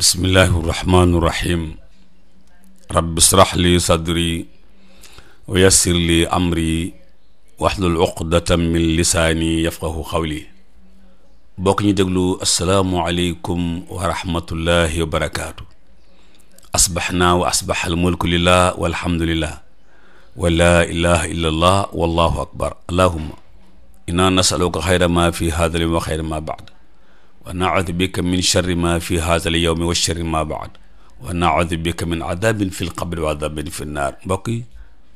bismillahi irrahmani irrahim rabbi israh li sadri wa yassir li amri waxlul uqdatan min lisaani yafqahu xawli bokk ñu déglu asalaamualeykum wa rahmatullahi wa barakaatu asbaxnaa wa asbax almulku lillah walhamdulillah wa laa ilaha illa allah wallahu akbar allahuma inna nasaluka xayra ma fi hada wa xayra ma baad wa naudu bika min charri ma fi haazal yowmi wa charri ma baad wa naudu bika min adabin fi lqabri wa adabin fi nnaar mbokk yi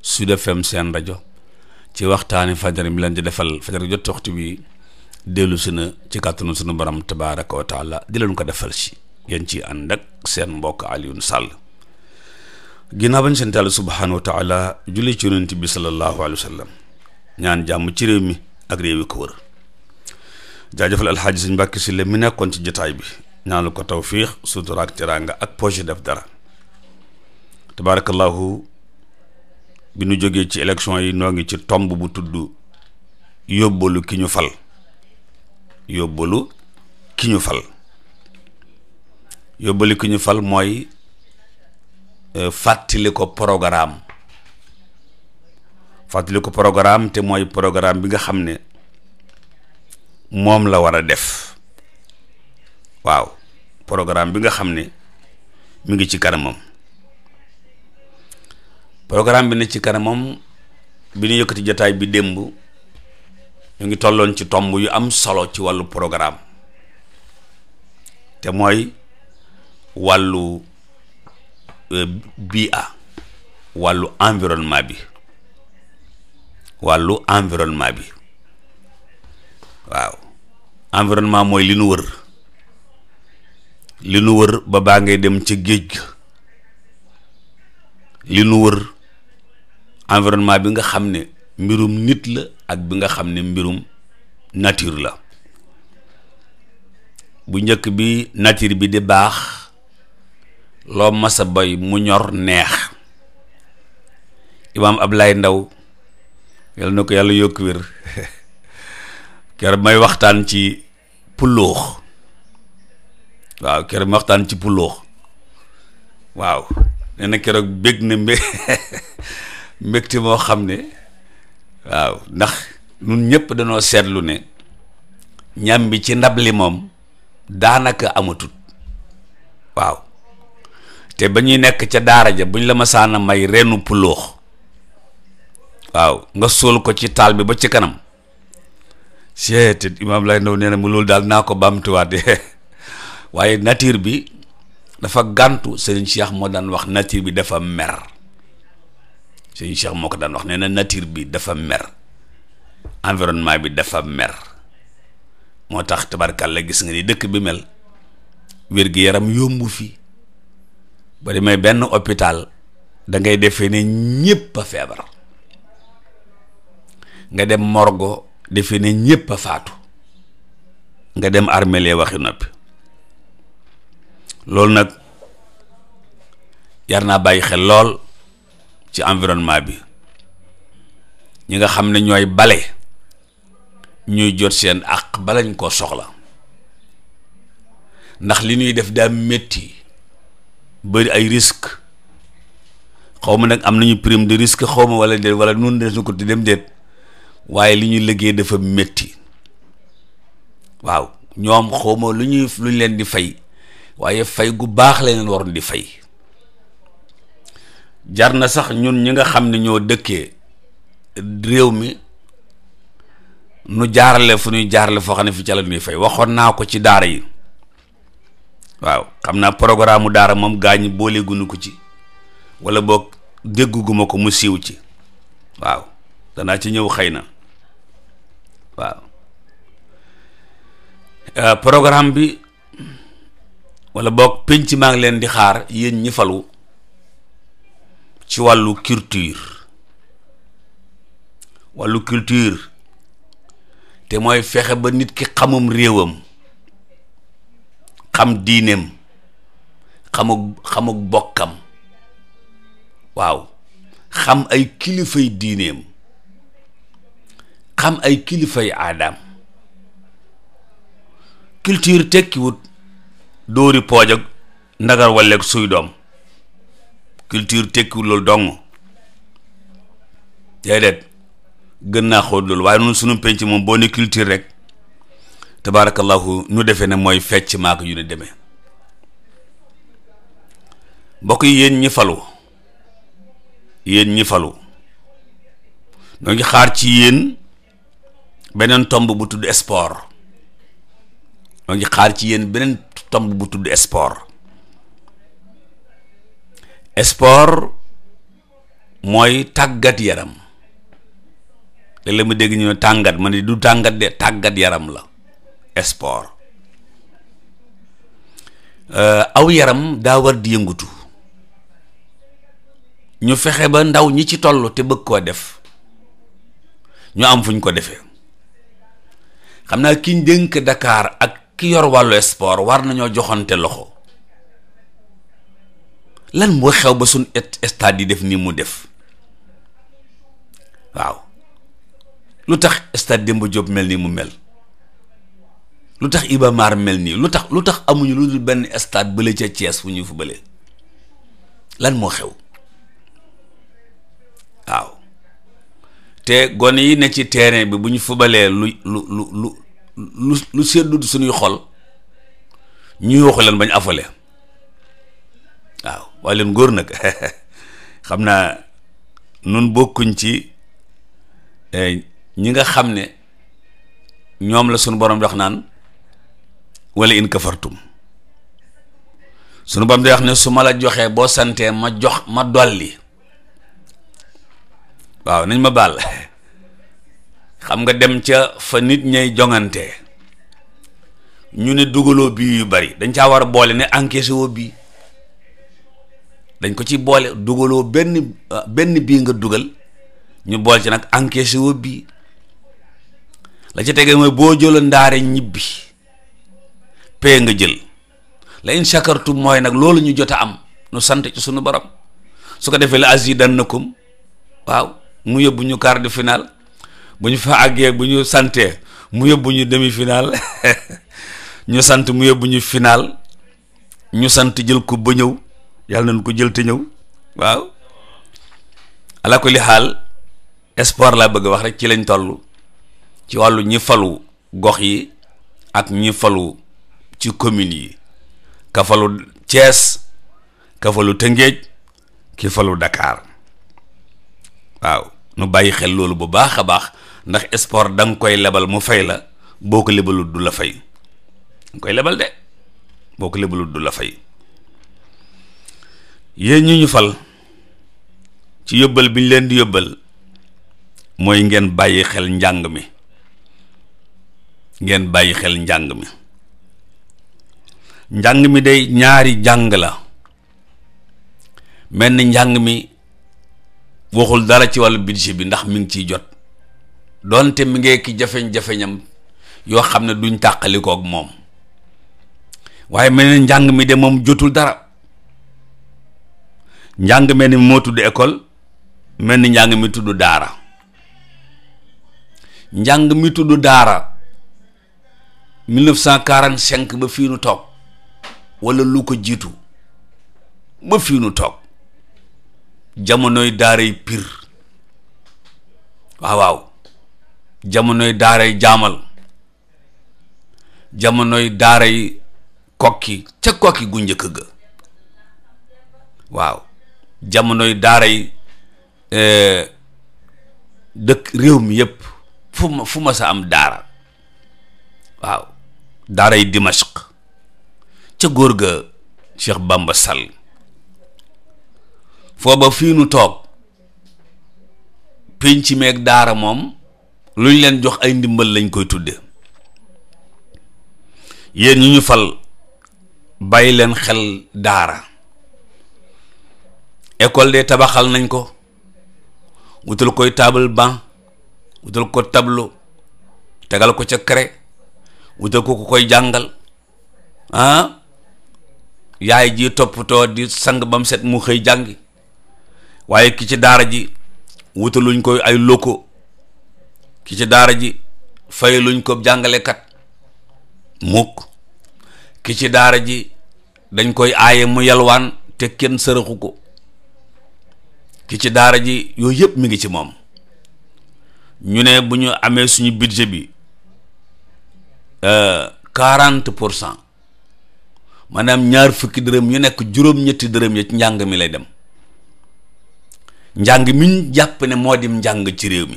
Sud FM seen rajo ci waxtaani fajar mi leen di defal fajar jot waxtu bi dellu si na ci kàttanu sunu borom tabaraka wa taala di leen ko defal si yéen ci ànd seen mbokk Alioune Sall ginnaaw bañ seen tàll subhaanahu wa taala julli ci yonent bi sallallahu alayhi wa sallam ñaan jàmm ci réew mi ak réew yi ko jaajëfal alxaaji suñ mbàkki si le mi nekkoon ci jotaay bi ñaanal ko tawfiix sutura ak teraanga ak projet def dara tabaarakallaahu bi nu jógee ci élection yi noo ngi ci tomb bu tudd yóbbalu ki ñu fal yóbbalu ki ñu fal yóbbalu fal mooy e, fàttali ko programme fàttali ko programme te mooy programme bi nga xam ne moom la war a def waaw programme bi nga xam ne mu ngi ci kanamam programme bi ne ci kanamam bi ñu yëkkati jotaay bi démb ñu ngi tolloon ci tomb yu am solo ci wàllu programme te mooy wàllu euh, bi a wàllu environnement bi wàllu environnement bi waaw environnement mooy li nu wër li nu wër ba baa ngay dem ca géej ga li nu wër environnement bi nga xam ne mbirum nit la ak bi nga xam ne mbirum nature la bu njëkk bi nature bi di baax loo masa bay mu ñor neex imaam Ablaye Ndaw yàlla na ko yàlla yokk wér keroog may waxtaan ci pulóox waaw keroog ma waxtaan ci pulóox waaw nee keroog bég na mbé mbégte moo xam ne waaw ndax ñun ñëpp dañoo seetlu ne ñam bi ci ndab li moom daanaka amatut waaw te ba ñuy nekk ca daara ja buñ la ma saana may reenu pulóox waaw nga sóol ko ci taal bi ba ci kanam seete imaam lay ndaw nee na mu loolu daal naa ko bamtuwaat waaye nature bi dafa gàntu sëriñ Cheikh moo daan wax nature bi dafa mer sëriñ Cheikh moo ko daan wax nee na nature bi dafa mer environnement bi dafa mer moo tax tabarkàlla gis nga ni dëkk bi mel wér-gi-yaram yombu fi ba may benn hôpital da ngay defee ne ñépp a feebar nga dem morgo defe ne ñépp a faatu nga dem armelee waxi noppi loolu nag yar naa bàyyi xel lool ci environnement bi ñi nga xam ne ñooy bale ñuy jot seen àq balañ koo soxla ndax li ñuy def daa métti bëri ay risque xaw ma nag am nañu prime de risque xaw ma wala déet wala nun des na ko di dem déet waaye li ñu liggéey dafa metti waaw ñoom xawma lu ñuy lu ñu leen di fay waaye fay gu baax la leen waroon di fay jar na sax ñun ñi nga xam ne ñoo dëkkee réew mi nu jaarale fu ñuy jaarale foo xam ne fi ca la ñuy fay waxoon naa ko ci daara yi waaw xam naa programme daara moom gaañ booleegunu ko ci wala boog dégguguma ko mu siiw ci waaw danaa ci ñëw xëy na waaw uh, bi wala boog penc maa ngi leen di xaar yéen ñëfalu ci wàllu culture wàllu culture te mooy fexe ba nit ki xamum réewam xam diineem xamuk xamuk bokkam waaw xam ay kilifay diineem xam ay kilifay aadaam culture tekkiwut dóori pooj ak ndagar walleeg suy doom culture tekkiwut loolu dong déedéet gën naa xóot loolu waaye noonu sunu penc moom boo ne culture rek tabaarakallahu nu defe ne mooy fecc maak yu ne demee mbokk yi yéen ñi falu yéen ñi falu noo ngi xaar ci yéen beneen tomb bu tudd sport ngi xaar ci yéen beneen tomb bu tudd sport sport mooy tàggat yaram léeg-léeg ma dégg ñu tàngat ma du tàngat de tàggat yaram la sport euh, aw yaram daa war di yëngutu ñu fexe ba ndaw ñi ci tollu te bëgg koo def ñu am fuñ ko defee xam naa ki dénk Dakar ak ki yor wàllu sport war nañoo joxante loxo lan moo xew ba suñ stade def nii mu def waaw lu tax stade Demba Diop mel nii mu mel lu tax Iba Mar mel nii lu tax lu tax amuñu lu dul benn stade bële ca Thiès fu ñu fu bële lan moo xew te gone yi ne ci terrain bi bu ñu fubalee lu lu lu lu lu lu suñuy xol ñuy yuuxu leen bañ afale waaw waaye leen góor nag xam naa nun bokkuñ ci eh, ñi nga xam ne ñoom la suñu borom wax naan wala in kafartum suñu borom di wax ne su ma la joxee boo santee ma jox ma dolli waaw nañ ma baal xam nga dem ca fa nit ñay jongante ñu ne dugaloo bii yu bari dañ caa war a boole ne encaissé woo bii dañ ko ci boole dugaloo benn ah, benn bii nga dugal ñu bool ci nag encaissé woo bii la ca tege mooy boo jëloon ndaare ñibbi pee nga jël la in shakartum mooy nag loolu ñu jot a am nu sant ci sunu borom su ko defee la azidannakum waaw mu yóbbu ñu quart de finale bu ñu fa àggee bu ñu santee mu yóbbu ñu demi finale ñu sant mu yóbbu ñu finale ñu sant jël ko ba ñëw yàlla nañ ko jël te ñëw waaw ala ko li xaal espoir laa bëgg wax rek ci lañ toll ci wàllu ñi falu gox yi ak ñi falu ci commune yi ka falu Thiès ka falu Tëngéej ki falu Dakar waaw nu bàyyi xel loolu bu baax a baax ndax sport da koy lebal mu fay la boo ko lebalul du la fay da koy lebal de boo du la fay yéen ñu ñu fal ci yóbbal bi ñu leen di yóbbal mooy ngeen bàyyi xel njàng mi ngeen bàyyi xel njàng mi njàng mi day ñaari njàng la mel ni njàng mi waxul dara ci wàllu budget bi ndax mi ngi ciy jot doonte mi ngi ki jafeñ-jafeñam yoo xam ne duñ tàqalikook moom waaye mel ne njàng mi de moom jotul dara njàng mel ni moo école mel ni njàng mi tudd daara njàng mi tudd daara 1945 ba fii nu toog walla lu ko jiitu ba fii nu toog jamonoy daaray piir waaw jamonoy daaray jaamal jamonoy daaray kokki ca kokki gu njëkk ga waaw jamonoy daaray eh, dëkk réew mi yépp fu ma fu ma sa am daara waaw daaray dimashq ca góor ga Cheikh Bamba Sall fooba fii nu toog pénc meeg daara moom lu ñu leen jox ay ndimbal lañ koy tudde yéen ñu ñu fal bàyyi leen xel daara école de tabaxal nañ ko wutal koy table banc wutal ko tablo tegal ko ca craie wutal ko ku koy jàngal ah yaay ji toppatoo di sang bam set mu xëy jàngi waaye ki ci daara ji wutaluñ ko ay loko ki ci daara ji fayaluñ ko jàngalekat mukk ki ci daara ji dañ koy aaye mu yalwaan te kenn sërëxu ko ki ci daara ji yooyu yëpp mi ngi ci moom ñu ne bu ñu amee suñu budget bi euh, quarante pour cent maanaam ñaar fukki dërëm yu nekk juróom-ñetti dërëm ya ci njàng mi lay dem njàng mi ñu jàpp ne moo di njàng ci réew mi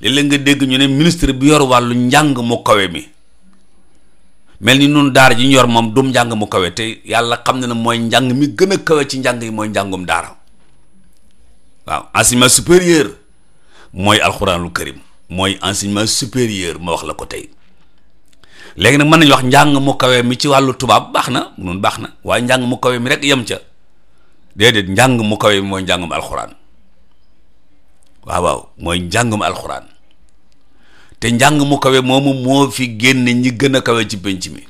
léeg nga dégg ñu ne ministre bi yor wàllu njàng mu kawe mi mel ni noonu daara ji ñu yor moom du njàng mu kawe te yàlla xam na ne mooy njàng mi gën a kawe ci njàng yi mooy njàngum daara waaw enseignement supérieur mooy alxuraanul karim mooy enseignement supérieur ma wax la ko tey léegi nag mën nañu wax njàng mu kawe mi ci wàllu tubaab baax na noonu baax na waaye njàng mu kawe mi rek yem ca. déedéet njàng mu kawe mi mooy njàngum alxuraan waaw waaw mooy njàngum alxuraan te njàng mu kawe moomu moo fi génne ñi gën a kawe ci pénc mi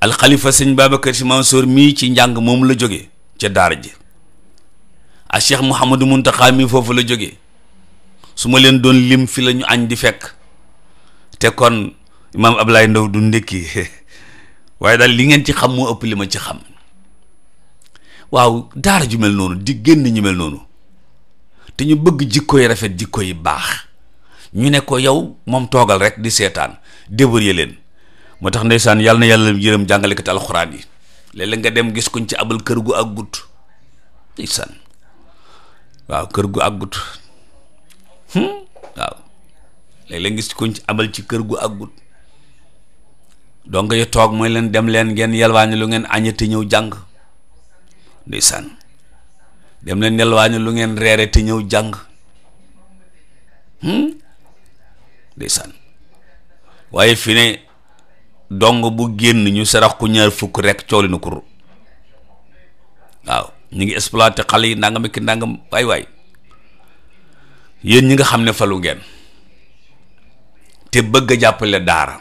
alxalifa sëñ Babacar Sy Mansour mii ci njàng moom la jóge ca daara ji a Cheikh Mouhamadou Mountakha mi foofu la jóge su leen doon lim fi la ñu añ fekk te kon imaam Ablaye Ndaw du ndékki waaye daal li ngeen ci xam moo ëpp li ma ci xam waaw daar ju mel noonu di génn ñu mel noonu te ñu bëgg jikko yi rafet jikko yi baax ñu ne ko yow moom toogal rek di seetaan débrouiller leen moo tax ndeysaan yàlla na yàlla yërëm jàngalekat alxuraan yi léeg-léeg nga dem gis kuñ ci abal kër gu ak gut ndeysaan waaw kër gu ak gut waaw léeg-léeg ci abal ci kër gu ak gut donc yo toog mooy leen dem leen ngeen yalwaani lu ngeen añete ñëw jàng ndeysaan dem leen nelwaañu lu ngeen reere te ñëw jàng hmm? ndeysaan waaye fi ne dong bu génn ñu sarax ku ñaar fukk rekk coow li kur waaw ñu ngi exploité xale yi ndàngam ak ndàngam waay waay yéen ñi nga xam ne falu ngeen te bëgg a jàppale daara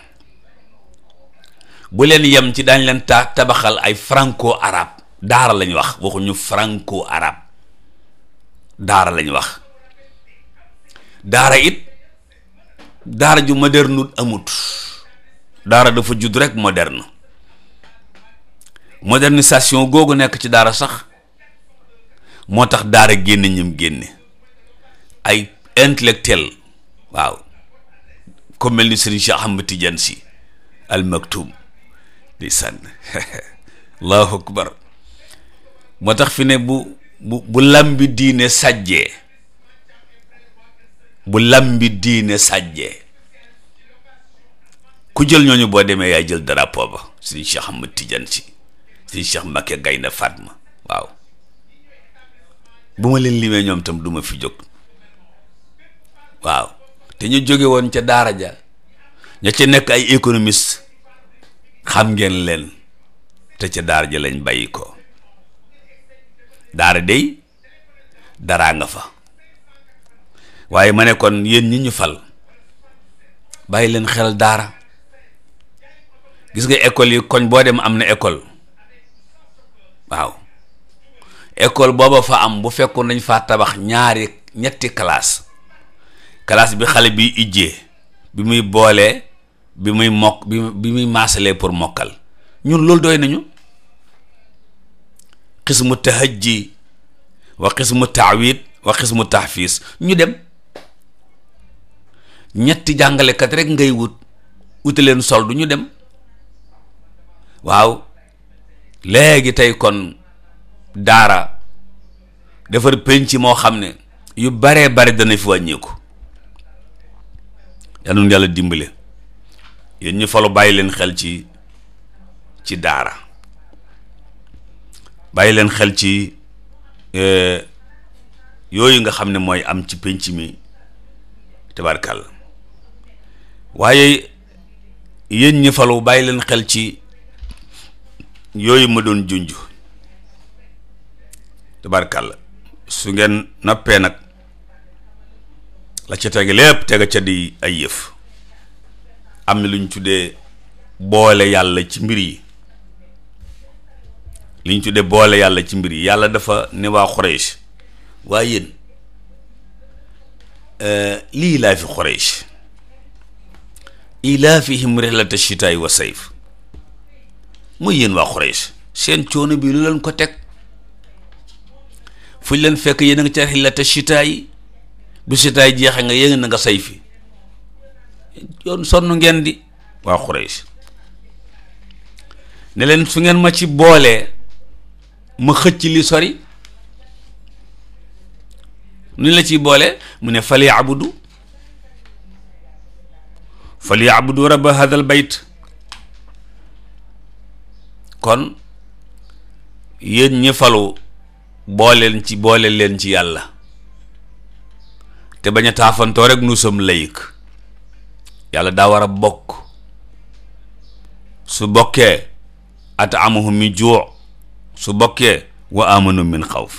bu leen yem ci daañ leen ta tabaxal ay franco arabe daara lañ wax waxuñu franco arabe daara lañ wax daara it daara ju moderne amut daara dafa judd rek moderne modernisation googu nekk ci daara sax moo tax daara génn ñim génne ay intellectuel waaw comme mel ni Serigne Cheikh Ahmed Tidiane Sy al Maktoum sànn allahu akbar moo tax fi ne bu bu bu làmbi diine sàjjee bu làmbi diine sàjjee ku jël ñooñu boo demee yaay jël drapeau ba suñu Cheikh Ahmad Tidiane si suñu Cheikh Mbacké Gaynde Fatma waaw bu ma leen limee ñoom tam duma fi jóg waaw te ñu jóge woon ca daara ja ña ca nekk ay économiste xam ngeen leen te ca daara ja lañ bàyyi ko daara dey daraa nga fa waaye ma ne kon yéen ñi ñu fal bàyyi leen xel daara gis nga école yi koñ boo dem am na école waaw école booba fa am bu fekkoon nañ faa tabax ñaari ñetti kalaas classe bi xale bi ijjee bi muy boolee bi muy mokk bi bi muy maasalee pour mokkal ñun loolu doy nañu xismu tahajji wa xismu taawid wa xismu tahfiis ñu dem ñetti jàngalekat rek ngay wut wuti leen soldu ñu dem waaw léegi tey kon daara defar penc moo xam ne yu baree bare dana fi wàññeeku yal yàlla dimbale yéen ñu falu bàyyi leen xel ci ci daara bàyyi leen xel ci e, yooyu nga xam ne mooy am ci pénc mi tabarkàlla waaye yéen ñi bàyyi leen xel ci yooyu ma doon junj tabarkàlla su ngeen noppee nag la ca tege lépp tega ca di ay yëf am na lu ñu tuddee boole yàlla ci mbir yi li ñu tuddee boole yàlla ci mbir yi yàlla dafa ne waa Quraysh waaye yéen euh, lii laa fi Quraysh ilaafihim rihlata shitaay wa sayf muy yéen waa Quraysh seen coono bi lu leen ko teg fu ñu leen fekk yéen a nga ca rihlata bu shitaay jeexee nga yéen na nga sayfi yoon sonn ngeen di waa Quraysh ne su ngeen ma ci boolee ma xëcc li sori nu la ciy boole mu ne fal yaabudu fal yaabudu rabba hadal bayt kon yéen ñi falu booleen ci boole leen ci yàlla te bañ a taafantoo rek nous sommes laïcs yàlla daa war a bokk su bokkee at amuhum mi juu su bokkee wa amanu min xawf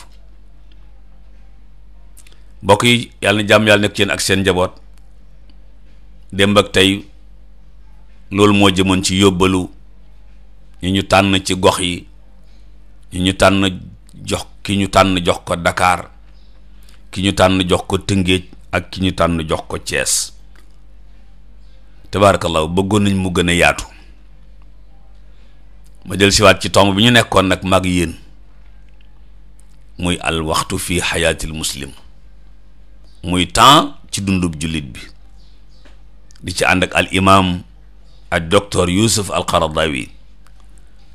bokk yi yàlla na jàmm yàlla nekk ci yéen ak seen njaboot démb ak tey loolu moo jëmoon ci yóbbalu ñu ñu tànn ci gox yi ñu ñu tànn jox ki ñu tànn jox ko Dakar ki ñu tànn jox ko Tëngéej ak ki ñu tànn jox ko Cees tabaarakallahu bëggoon nañ mu gën a yaatu ma del siwaat ci tomb bi ñu nekkoon nag mag yéen muy alwaxtu waxtu fi xayaatil muslim muy temps ci dundub jullit bi di ci ànd ak al imaam ak docteur Youssouf al Qaradawi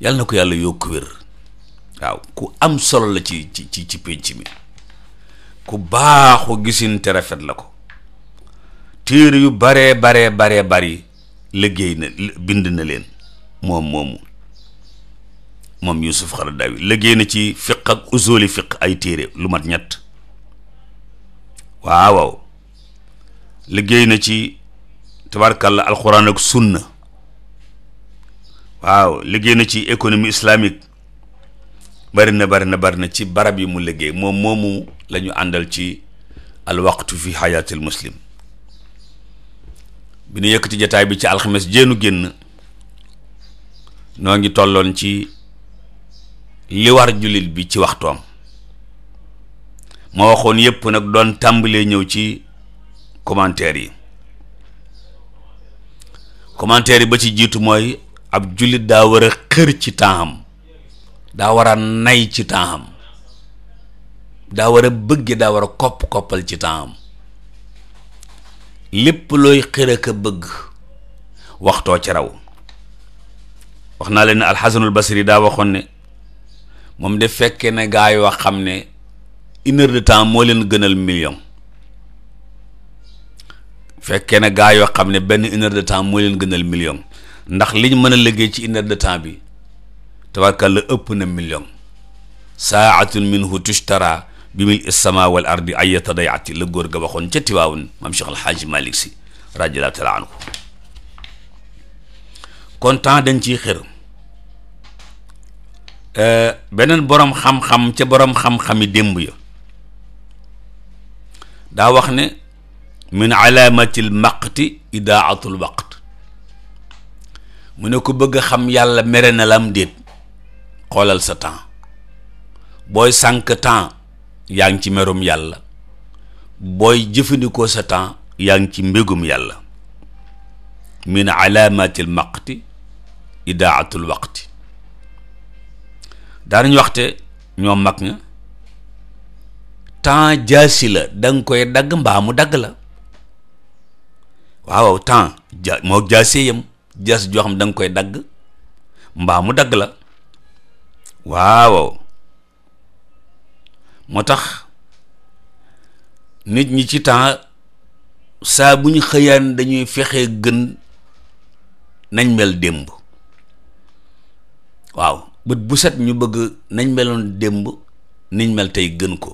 yàlla na ko yàlla yokk wér waaw ku am solo la ci ci ci ci pénc mi ku baaxu gisin te rafet la ko téere yu baree baree baree bari liggéey na bind na leen moom moomu moom Yuusuf Xaradaawi liggéey na ci fiq ak usooli fiq ay téere lu mat ñett waaw waaw liggéey na ci tabarkàlla alxuraan ak sunna waaw liggéey na ci économie islamique bari na bari na bari na ci barab yi mu liggéey moom moomu lañu àndal ci alwaqtu fi xayaatil muslim bi ñu yëkkati jataay bi ci alxames jéenu génn noo ngi tolloon ci li war jullit bi ci waxtoom ma waxoon yépp nag doon tàmbalee ñëw ci commentaire yi commentaire yi ba ci jiitu mooy ab jullit daa wara a xër ci taaxam daa war a nay ci taaxam daa war bëgg bëgge daa war a kopp-koppal ci taaxam lépp looy xër ak a bëgg waxtoo ci raw wax naa leen ne alxasanul basri daa waxoon ne moom de fekkee na gaa yoo xam ne une de temps moo leen gënal million fekkee na gaa yoo xam ne benn une de temps moo leen gënal million ndax liñ mën a liggéey ci une de temps bi tabarkalla ëpp na million saatun minhu tara bi muy sama wal ardi ay tadayati la góor ga waxoon ca tiwaawun maam Cheikh Alxaaji Malick Si radiallahu taala anhu kontaan dañ ciy xër Euh, beneen boroom xam-xam ca boroom xam-xami démb ya daa wax ne min alaamatil maqti idaatul waqt mu ne ko bëgg a xam yàlla mere na lam déet xoolal sa temps booy sànq temps yaa ngi ci merum yàlla booy jëfandikoo sa temps yaa ngi ci mbégum yàlla min alaamatil maqti idaatul waqti daanañu waxte ñoom mag nga temps jaasi la da nga koy dagg mbaa mu dagg la waaw temps ja moo jaasee yam jaas joo xam da koy dagg mbaa mu dagg la waaw moo tax nit ñi ci temps saa bu ñu xëyaan dañuy fexe gën nañ mel démb waaw bët bu set ñu bëgg nañ meloon démb niñ mel tey gën ko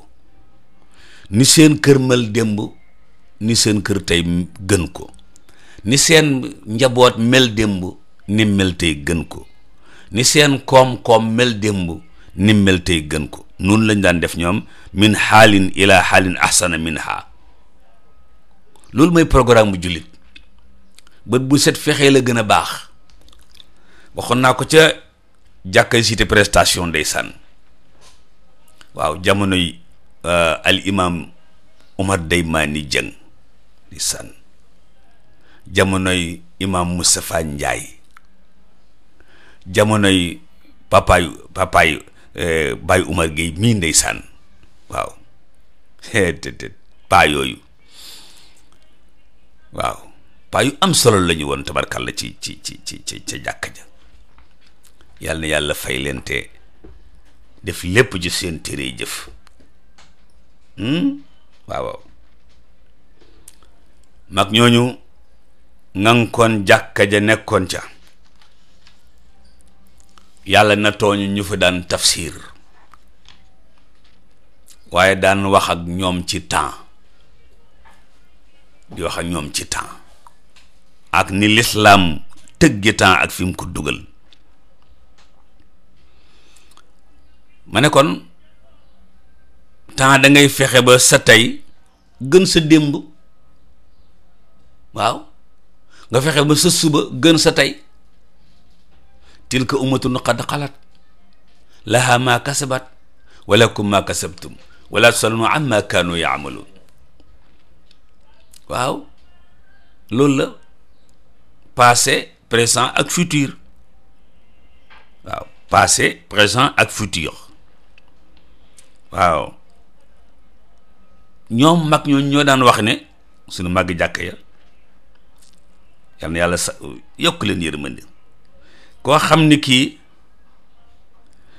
ni seen kër mel démb ni seen kër tey gën ko ni seen njaboot mel démb ni mel tey gën ko ni seen koom-koom mel démb ni mel tey gën ko noonu lañ daan def ñoom min xaalin ila xaalin ahsana min ha loolu mooy programme bu jullit bët bu set fexee la gën a baax waxoon naa ko ca jàkka cité prestation ndeysaan waaw jamonoy euh, al imam Omar Daymani Dieng ndeysaan jamonoy imam Moustapha Ndiaye jamonoy papaay papaay euh, Baye Umar Gueye mii ndeysaan waaw te paa yooyu waaw paa yu am solo la ñu woon tabarkalla ci ci ci ci ca jàkka ja yàlla yàlla fay leen te def lépp ci seen téere jëf hmm? waaw waaw mag ñooñu ngankoon jàkka ja nekkoon ca yàlla na tooñu ñu fa daan tafsir waaye daan wax ak ñoom ci temps di wax ak ñoom ci temps ak ni lislaam tëggi temps ak fi mu ko dugal ma ne kon temps da ngay fexe ba sa tey gën sa démb waaw nga fexe ba sa suba gën sa tey tilka ummatun qad xalat laha ma kasabat wa lakum ma kasabtum wala tusalunu amma kaanu yaamaluun waaw loolu la passé présent ak futur waaw passé présent ak futur waaw ñoom mag ñoo ñoo daan wax ne suñu màgg jàkk ya yal yàlla sa yokk leen yërmande koo xam ni kii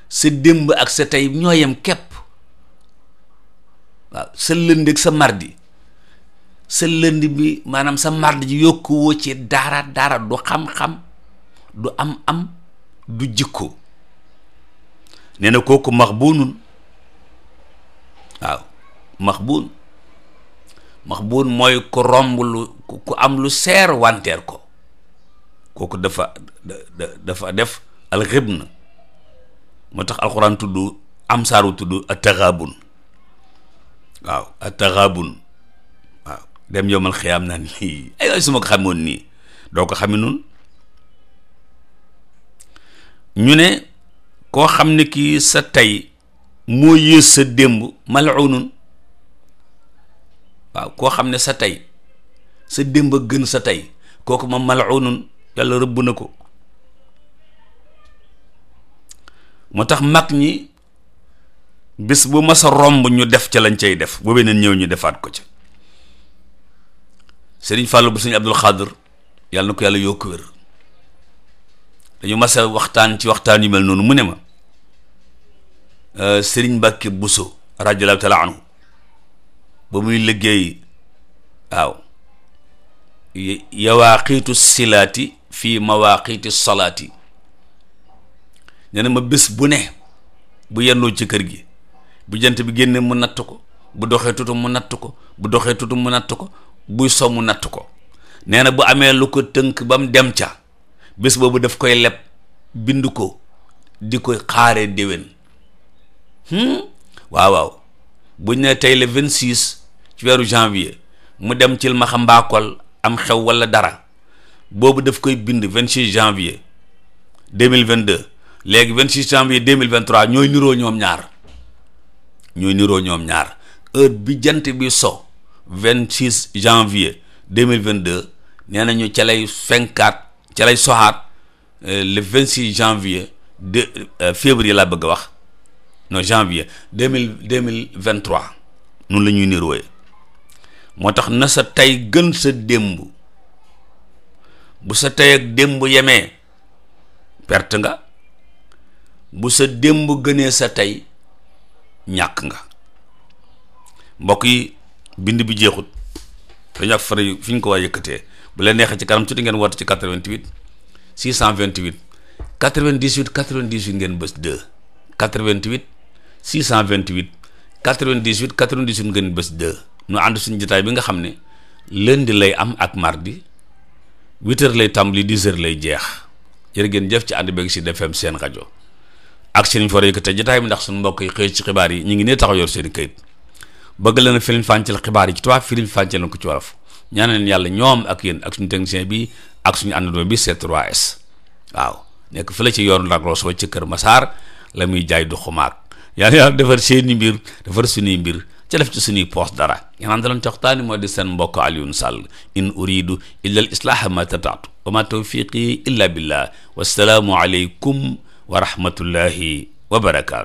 sa démb ak sa tey ñoo yem kepp waaw sa lënd ak sa mardi sa lënd bi maanaam sa mardi yokk yokku woo ci dara dara du xam-xam du am am du jikko nee na kooku max boo nun waaw maxbuun maxbuun mooy ku romb lu ku am lu seer wanteer ko kooku dafa dafa def alxibn moo tax alxuraan tudd am saaru tudd ataxaabun waaw ataxaabun waaw dem yomal xiyaam naan nii ay waay su ma ko nii doo ko xame noonu ñu ne koo xam ne kii sa tey moo yées sa démb malunun waaw koo xam ne sa tey sa démb gën sa tey kooku ma malunun yàlla rëbb na ko moo tax mag ñi bis bu ma romb ñu def ca lañ cay def boobu neen ñëw ñu defaat ko ca sëriñ Fàllu bu sëriñ Abdul Xaadir yàlla na ko yàlla yokk wér dañu mas waxtaan ci waxtaan yu mel noonu mu ne ma Euh, Sëriñ Mbàkke Buso radiyallaahu taala anhu ba muy liggéey waaw silaati fii mawaaqiiti solaati nee ma bés bu ne bu yendoo ci kër gi bu jant bi génne mu natt ko bu doxee tutu mu natt ko bu doxee tutu mu natt ko buy so mu natt ko nee bu amee lu ko tënk ba mu dem ca bés boobu daf koy leb bind ko di ko xaaree déwén Hmm? waaw waaw buñ ne tey le vingt six ci weeru janvier mu dem ci ma xam mbaakol am xew walla dara boobu daf koy bind vingt six janvier deux mille vingt deux léegi vingt six janvier deux mille vingt trois ñooy niroo ñoom ñaar ñooy niroo ñoom ñaar heure bi jant bi so vingt six janvier deux mille vingt deux nee nañu ca lay fenkaat ca lay soxaat euh, le vingt six janvier de euh, février laa bëgg a wax non janvier deux mille deux mille vingt trois la ñuy nirooye moo tax na sa tey gën sa démb bu sa tey ak démb yemee perte nga bu sa démb gënee sa tey ñàkk nga mbokk yi bind bi jeexut dañu ak fara fi ñu ko waa yëkkatee bu leen neexee ci kanam tuuti ngeen woote ci 88 628 98 98 ngeen bës 2 88 vingt 628 98 98 ngeen bés 2 ñu ànd suñu jotaay bi nga xam ne lundi lay am ak mardi 8h lay tàmbali 10h lay jeex jërë ngeen jëf ci ànd beeg si DFM seen rajo ak seen for yi te jotaay bi ndax suñ mbokk yi xëy ci xibaar yi ñu ngi nee taxaw yor seen i këyit bëgg leen filim fànceel xibaar yi ci tubaab filim fànceel na ko ci wolof ñaan leen yàlla ñoom ak yéen ak suñu technicien bi ak suñu àndandoo bi C3S waaw nekk fële ci yoonu Lac Rose ba ci Kër Massar la muy jaay du xumaag yàlla yàlla defar seeni mbir defar suñuy mbir ca def ci suñuy poos dara yanaan daloon coxtaani moo di seen mbokk Alioune Sall in uridu illa al islaha ma tataatu wa ma illa billah wassalaamu aleykum wa rahmatullahi wa